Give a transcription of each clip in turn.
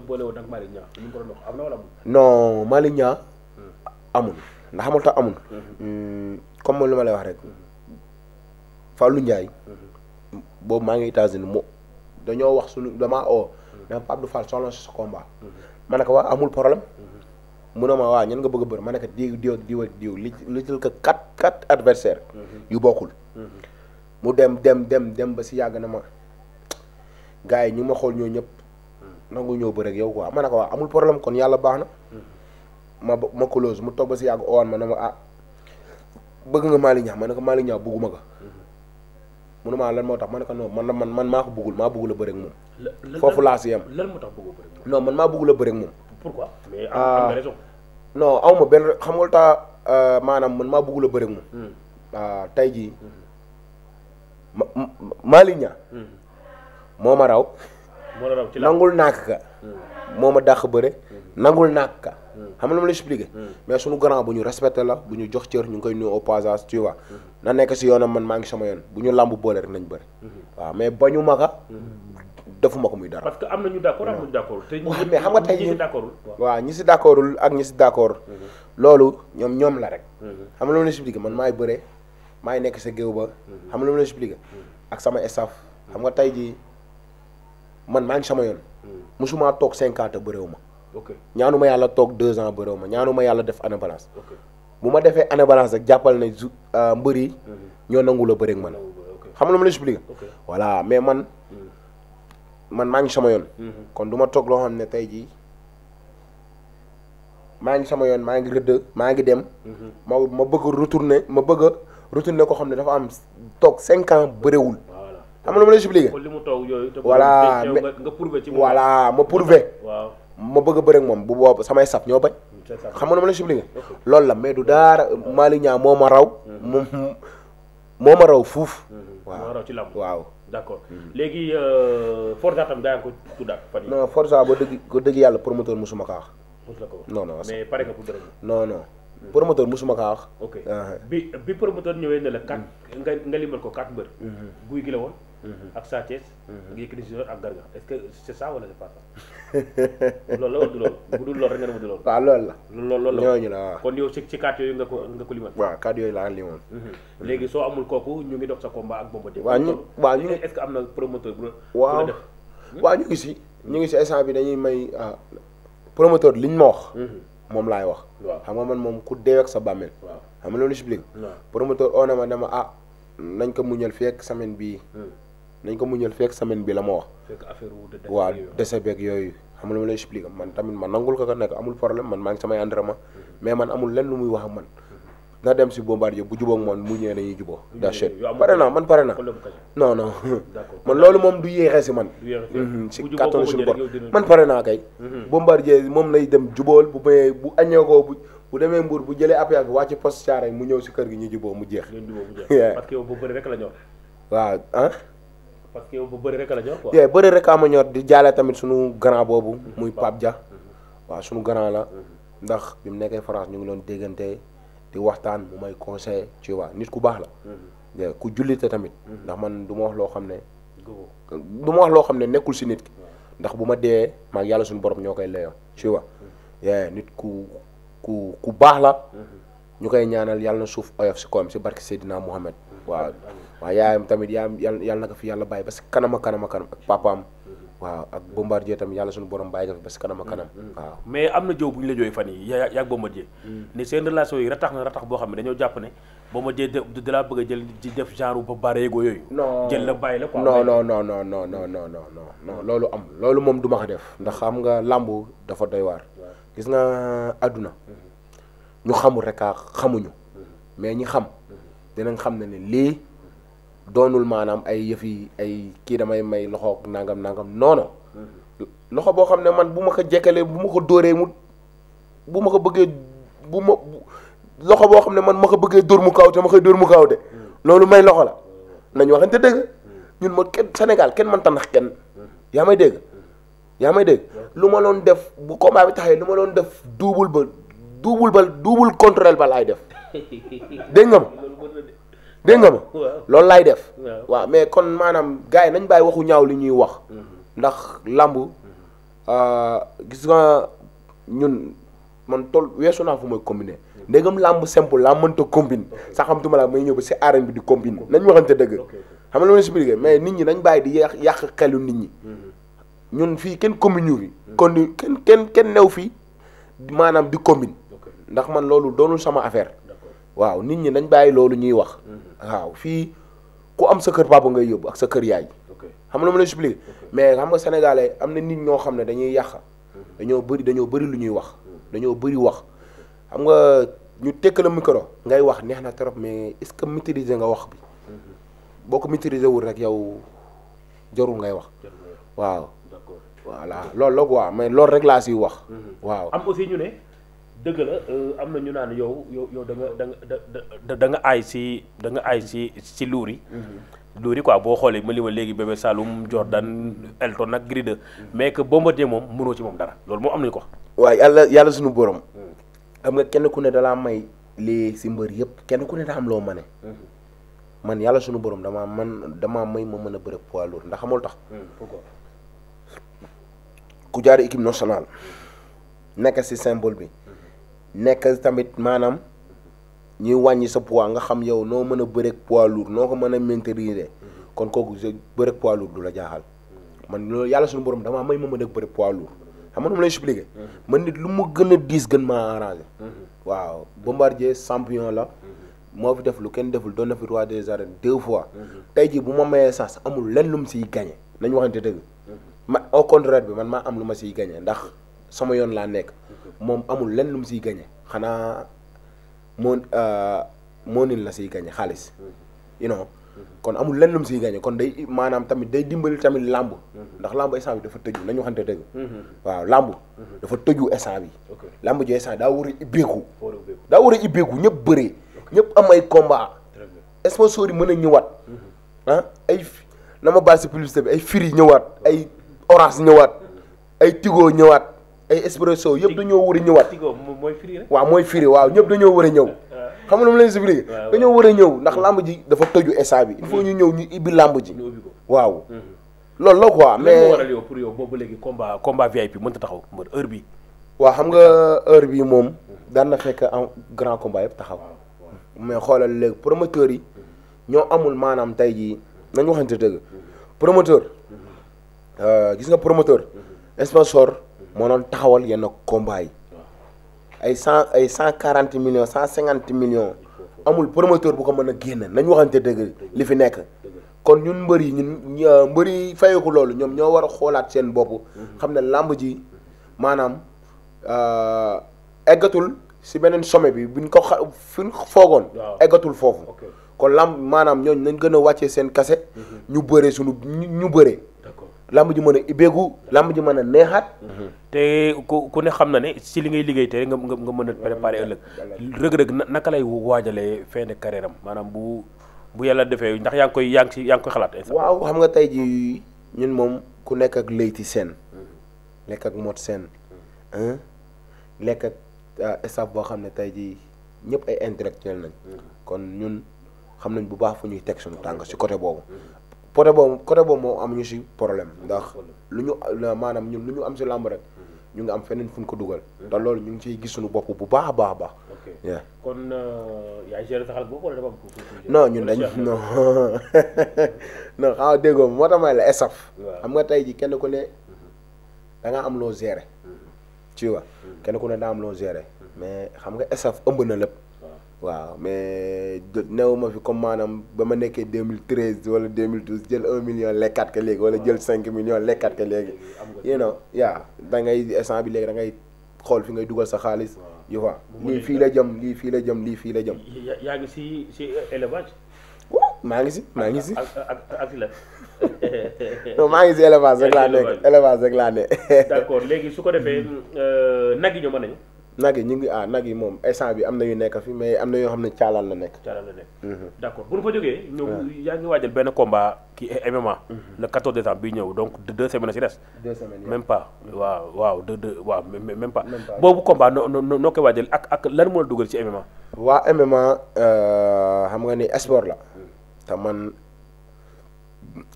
ku la boole woon ak Malick Niang ñu ko wala amul. non Malick Niang hmm. ndax xamul tax amul. Hmm. Hmm, comme moom li ma lay wax rek Fallou Ndiaye. boobu maa ngi États-Unis mu dañoo wax suñu damaa oo. ne Pape Abdou Fall soxla na sa combat. ma ne ko waa amul problème. mu ne ma waa ñan nga bëgg a bëri ma ne ko diw diw ak diw ak diw li li jël ko quatre yu bokkul. mu dem dem dem dem ba si yàgg na ma gars yi ñu ma xool ñoo ñëpp. nangu ñëw ba yow quoi ma ne amul problème kon yàlla baax na ma ma close mu toog si ma ne ma ah, nga Malick ma ne ko Malick Niang bëgguma ko munu lan moo tax ma ne ko non man man man maa ko bëggul maa bëggul a bëre moom. foofu laa lan moo tax bëggoo man maa bëggul a bëre ak moom. mais ah. am nga raison. aw ma benn xam nga lu euh, maanaam man maa bëggul a bëre ak moom. Hmm. Ah, tey jii hmm. ma Malick Niang hmm. moo ma raw. nangul nàkk ka moo ma dàq bëre nangul nàkk ka xam nga lu ma la hmm. mais sunu grand bu ñu respecté la bu ñu jox cër ñu ngi koy nuyu au passage tu vois na nekk si yoonam man maa ngi sama yoon bu ñu làmb boole rek nañ bëri hmm. waaw mais bañu ma ka hmm. defuma ko muy dara parce que am na ñu d'accord am na ñu xam nga tey ñi si d'accordul waaw ñi si d'accordul ak ñi si d'accord loolu ñoom ñoom la rek xam nga lu man maay bëre maay nekk sa géew ba xam nga lu ak sama staff xam nga tey jii man maa ngi sama yoon. musuma toog cinquante bëréew ma. ñaanu ma yàlla toog deux ans bëréew ma ñaanu yàlla def année balance. bu ma defee année balance ak jàppal na ju euh, mbër yi. Mhm. ñoo nangu la bëreeg man. xam nga lu voilà mais man mhm. man maa ngi sama yoon. Mhm. kon du ma toog loo xam ne tey jii maa ngi sama yoon maa ngi rëdd maa ngi dem. ma ma bëgg retourne ma bëgg a retourner ko xam ne dafa am toog cinq ans bëréwul xam nga lu expliqué. kon li mu toog yooyu. te voilà nga prouvé ci moom ma prouvé. waaw ma bëgg a bëri moom bu boobu samay saf ñoo bañ. Mm, xam nga la ma lay expliqué. loolu la mais du daara mm-hmm. Malick Niang a ma raw. Mm-hmm. moom moo ma raw fuuf. Mm-hmm. waaw moo raw ci lamb waaw. d' accord léegi euh, Forza tam daa ko tuddaat fan non Forza ba dëgg ko dëgg yàlla promoteur musuma kaa wax. non non mais pare nga pour dërëm. non non. promoteur musuma kaa wax. Ah, bi promoteur ñëwee ne la. kat mm. nga nga limal ko kat mbër. guy gi woon. Mm-hmm. ak Sa Thiès. Yékini mm-hmm. Junior ak Garga est-ce que c'est ça wala c'est pas ça. loolu la wala du loolu bu la. loolu loolu la ñooñu la waaw. kon yooyu laa limoon. Mm-hmm. léegi soo amul kooku ñu ngi dox sa combat ak Bombardier. waaw ñu waaw ñu est-ce que am na promoteur bu la. def hmm? waaw ñu ngi si. ñu ngi si instant bi dañuy may ah, promoteur liñ ma wax. moom laay wax. xam nga man moom ku deewee ak sa bàmmeel. waaw xam nga loolu explique. promoteur oo na ma dama ah nañ ko muñal fii ak semaine bii. Hmm. nañ ko muñal fekk semaine bi la ma wax. fekk affaire wu dëkk waaw dese yooyu xam nga lu ma expliquer man tamit man nangul ko ka nekk amul problème man maa ngi samay entraînement mm-hmm. mais man amul lenn lu muy wax ak man. Mm-hmm. na dem si bombardier bu jubóog man mu ñëwee dañuy jubóo. dachet pare naa man pare naa. non non. man loolu moom du yéexee man. si kàttanu mm-hmm. suñu bor man pare naa kay. moom lay dem jubóol bu bayee bu aññee bu bu demee mbuur bu jëlee appel wàcc poste mu ñëw si kër gi ñu jubóo mu jeex. parce que yow bu bëri rek la ñor. waaw ah. parce que yow bu bëri rek la ñor quoi. rek a ma ñor di jaale tamit suñu grand boobu. muy Pape Dia. Mm-hmm. waaw suñu grand la. Mm-hmm. ndax bi mu nekkee France ñu ngi doon déggante di waxtaan mu may conseil ci waa nit ku baax la. Mm-hmm. ku jullite tamit. ndax man du ma loo xam ne. du loo xam ne nekkul si nit ki. ndax bu ma dee yàlla suñu borom ñoo koy layoo ci nit ku ku ku baax la. ñu koy ñaanal yàlla suuf oyof si koom si barke Seydina Mohamed. waaw waaw yaayam tamit yaa yàlla yàlla na ko fi yàlla bàyyi parce que kanam ak kanam ak kanam ak papaam waaw ak bombardier tamit yàlla suñu borom bàyyi ko fi parce que kanam ak mm-hmm. mais am na jëw bu ñu la jooy fan yi yaa yaa bombardier mm. ni seen relation ratax boo xam ne dañoo jàpp ne bombardier da laa bëgg jël di def genre ba bareego yooyu non jël la bàyyi la quoi non non non non non non non non loolu am loolu moom du ma ko def ndax xam nga làmbu dafa doy waar gis nga àdduna mm-hmm. ñu xamul rek a xamuñu mm-hmm. mais ñi xam dinañ xam ne ne lii doonul maanaam ay yëf ay kii damay may loxo nangam nangam noonu loxo boo xam ne man bu ma ko jekkalee bu ma ko dóoree mu bu ma ko bëggee bu ma loxo boo xam ne man ma ko bëggee dóor mu kaw te ma koy dóor mu kaw de loolu may loxo la nañu waxante dëgg ñun ma kenn senegal kenn mënta nax kenn yaa may dégg yaa may dégg lu ma loon def bu combat bi taxee lu ma doon def duubul ba duubul ba duubul contrôle ba laay def dégg ma dégg nga ma loolu laay def waaw mais kon maanaam gars yi nañ baay waxu ñaaw li ñuy wax mm-hmm. ndax làmb mm-hmm. euh, gis nga ñun man tool weesu naa fu may combiner mm-hmm. ndégam làmb simple laa mënta combine sax xam tuma la may ñëw ba si arène bi di combine nañ waxante dëgg xam nga lu ma expliqué mais nit ñi nañ bàyyi di yàq yàq xelu nit ñi ñun fii kenn commune ñu fi kon kenn kenn kenn new fii maanaam di combine ndax man loolu doonul sama affaire waaw nit ñi nañ bàyyi loolu ñuy wax mm-hmm. waaw fii ku am sa kër papa ngay yóbbu ak sa kër yaay xam nga lu ma la expliqué mais xam nga sénégalais am na nit ñoo xam ne dañuy yàq mm-hmm. dañoo bëri dañoo bëri lu ñuy wax mm-hmm. dañoo bëri wax xam nga ñu tekk la micro ngay wax neex na trop mais est-ce que maîtriser nga wax bi boo ko maîtriser wul rek yow jarul ngay wax waaw voilà loolu la quoi mais loolu rek laa siy wax waaw ñu dëgg la euh, am na ñu naan yow yow yow da da da nga aay si da nga aay si si luur ko mm-hmm. luur boo xoolee ma li ma léegi bébé Saloum Jordan Elton ak Gride mm-hmm. mais que Bombardier moom mënoo ci moom dara loolu moo am nañu ko. waaw yàlla yàlla suñu borom. Mm. am nga kenn ku ne dalaa may lii si mbër yëpp kenn ku ne daa am loo mane mm-hmm. man yàlla suñu borom damaa man damaa may ma mën a bëre poids lourd ndax xamul tax. Mm. ku jaar équipe nationale mm. nekk si symbole bi. nekk tamit maanaam ñuy wàññi sa poids nga xam yow noo mën a bëreeg poids lourd noo ko mën a maintenir kon kooku bëreeg poids lourd du la jaaxal man loolu yàlla suñu borom damaa may ma mën a bëreeg poids lourd xam nga nu ma man nit lu mu gën a diis gën maa arrangé waaw Bombardier champion la moo fi def lu kenn deful doon na fi roi des arènes deux fois tey jii bu ma mayee sax amul lenn lu mu siy gagné nañ waxante dëgg ma au contraire bi man maa am lu ma siy gagné ndax sama yoon laa nekk moom amul lenn lu mu siy gañe xanaa moo euh, moo nin la siy gañe xaalis you kon amul lenn lu mu siy gañe kon day maanaam tamit day dimbali tamit làmb ndax làmb instant dafa tëju nañu waxante dëgg waaw làmb dafa tëju instant bi làmb ji daa war a ibbeeku daa war a ibbeeku ñëpp bëree ñëpp am ay combat sponsor mën a ñëwaat mhm. ah, ay na ma baal si publicité bi ay Free ñëwaat ay Orange ñëwaat ay Tigo ñëwaat ay espresso yëpp dañoo war a ñëwaat. mooy firi rek waaw mooy firi waaw ñëpp dañoo war a ñëw. Ah. xam nga lu ma leen expliqué dañoo war a ñëw ndax hmm. làmb ji dafa toju instant bi il faut ñu ñëw ñu ibbi làmb ji. waaw hmm. loolu la quoi mais waral yow pour yow boobu léegi combat combat VIP mënta taxaw mbër heure bi waaw xam nga heure bi moom daan na fekk en grand combat yëpp taxaw hmm. mais xoolal léegi promoteurs yi ñoo amul maanaam tey jii nañ waxante dëgg promoteur euh, gis nga promoteur sponsor moo doon taxawal yenn combat yi ay cent ay cent quarante million cent cinquante million amul promoteur bu ko mën a génn nañ waxante dëgg li fi nekk kon ñun mbër yi ñun euh, mbër yi fayeeku loolu ñoom ñoo war a xoolaat seen bopp xam ne làmb ji maanaam euh, eggatul si beneen sommet bi buñ ko xa fi ñu foogoon eggatul foofu kon làmb maanaam ñooñ nañ gën a wàccee seen kase mhm. ñu bëre suñu ñu bëre làmb ji mën a ibbeegu làmb ji mën a neexaat. Mhm. te ku ku ne xam na ne si li ngay liggéey te nga nga nga mën a préparer mm-hmm. ëllëg. rëg-rëg naka lay waajalee fin de carrière maanaam bu bu yàlla defee ndax yaa ngi koy yaa ngi si yaa ngi koy xalaat. waaw xam nga tey ji ñun moom ku nekk ak Leyti seen mm-hmm. nekk ak moot seen mm-hmm. nekk ak euh, staff boo xam ne tey jii ñëpp ay intellectuel nañ. kon ñun xam nañ bu baax fu ñuy teg suñu tànk si côté boobu. côté boobu côté boobu moo am ñu si problème ndax lu ñu maanaam ñun lu ñu am si làmb rek mm-hmm. ñu ngi am feneen fu ko dugal. ndax loolu ñu ngi ciy gis suñu bopp bu baax a baax a baax. ok kon euh, yaay gérer sa xel boobu wala dafa ñun dañ non non xaw déggoo moo tax may la esaf. xam nga tey ji kenn ku ne mm-hmm. danga am loo gérer. ci mm-hmm. wa kenn ku ne daa am loo gérer mais xam nga esaf ëmb na lépp. waaw mais néew ma fi comme maanaam ba ma nekkee 2013 mille 2012 jël 1 million lekkaat ka léegi wala jël 5 million lekkaat ka léegi. you know yaa da ngay instant bi léegi da ngay xool fi ngay dugal sa xaalis. yu quoi lii fii la jëm lii fii la jëm lii fii la jëm. yaa ngi si si élevage. waaw maa ngi si maa ngi si. ak ak la. non maa ngi si élevage rek laa nekk élevage rek laa nekk. léegi su ko defee euh, nag yi ñoom nag yi ñu ngi ah nag yi moom instant bi am na yu nekk fi mais am na yoo xam ne caalaan la nekk. caalaan la nekk. Mhm. d' accord bu ñu fa jógee. ñëw yaa ngi waajal benn komba ki MMA. Mhm. le 14 décembre bi ñëw donc deux semaines ci des. deux semaines même pas waaw waaw deux deux waaw même pas. boobu combat noo noo noo koy waajal ak ak lan moo la dugal ci MMA. waa MMA euh, xam nga ni sport la. te man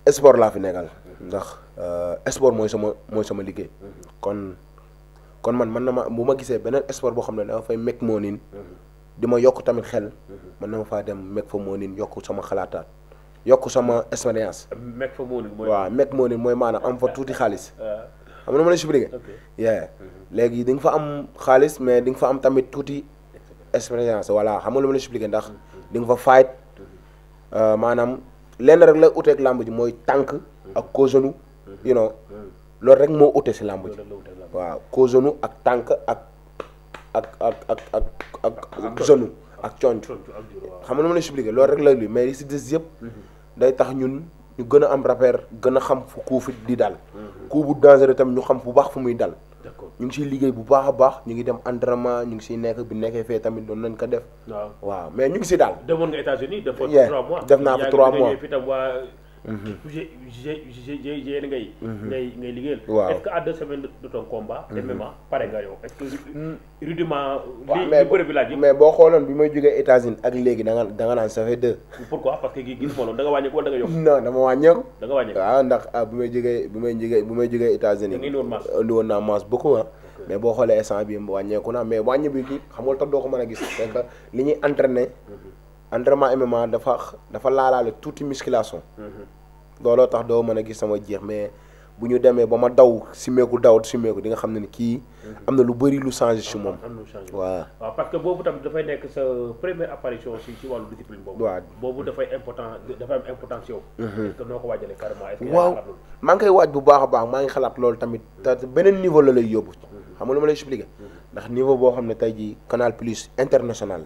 sport laa fi nekkal. ndax euh, sport mooy sama mooy sama liggéey. Mhm. kon man man na ma bu ma gisee beneen sport boo xam ne dafa fay meg moo di ma yokk tamit xel man na ma faa dem meg fa moo niin yokk sama xalaataat yokk sama expérience meg fa moo niin mooy moo niin mooy maanaam am fa tuuti xaalis xam na ma la subriqué yee léegi di fa am xaalis mais di nga fa am tamit tuuti expérience voilà xam nga lu ma la expliqué ndax di nga fa fight euh, maanaam lenn rek la uteeg làmb ji mooy tànk ak causenou you mm. loolu rek moo ute si làmb ji waaw kozonu ak tànk ak ak ak ak ak ak zonu ak conc xam na ma la expliqué loolu rek la li mais li si des yëpp mhm. day tax ñun ñu gën a am repère gën a xam fu kuu di dal mhm. kuu bu dangereux tam ñu xam bu baax fu muy dal ñu ngi siy liggéey bu baax a baax ñu ngi dem entraînement ñu ngi si nekk bi nekkee fee tamit doon nañ ko def waaw mais ñu ngi si daal demoon nga états def naa fa trois mois GIGN mmh. ngay. Mmh. ngay ngay liggéeyal. waaw est-ce que à deux semaines de ton combat. de mmh. MMA pare mais boo xooloon bi may jógee États-Unis ak léegi da nga da nga naan ça fait deux. da nga wàññeeku wala da nga yokk. non dama wàññeeku. da nga waaw ndax ah may jógee bu may jógee bu may jógee États-Unis. da woon naa masse beaucoup ah. mais boo xoolee instant bi wàññeeku na mais wàññi bi kii xam nga doo ko mën a gis. c'est que li ñuy entraîné entrement MMA dafa dafa laalaale tuuti musculation. Mm-hmm. looloo tax doo mën a gis sama jeex mais bu ñu demee ba ma daw simeeku daw simeeku di nga xam ne ni kii. Mm-hmm. am na lu bëri lu changé si moom. am waaw. parce que boobu tamit dafay nekk sa première apparition si wàllu discipline boobu. waaw boobu dafay important dafa am importance yow. Mm-hmm. est ko waajalee carrément waaw maa ngi koy waaj bu baax a baax maa ngi xalaat loolu tamit te beneen niveau la lay yóbbu. xam nga lu ma lay expliqué. ndax niveau boo xam ne tey jii Canal Plus international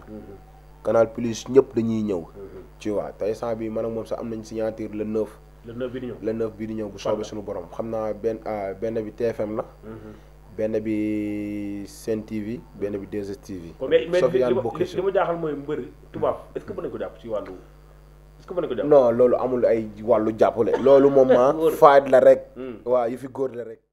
Canal Plus ñëpp dañuy ñëw. ci mhm. waa tey saa bi man ak moom sax am nañ signature le 9. le 9 bi di ñëw le bi di ñëw bu soobee suñu borom xam naa benn ah, benn bi TFM la. Mhm. benn bi Sen TV benn bi 2STV. Sofiane bokk ci mais li mooy mbër tubaab est-ce que mën nañu ko jàpp ci wàllu. non loolu amul ay wàllu jàppale. loolu moom ma ah, faayit la rek. Hmm. waa yu fi góor la rek.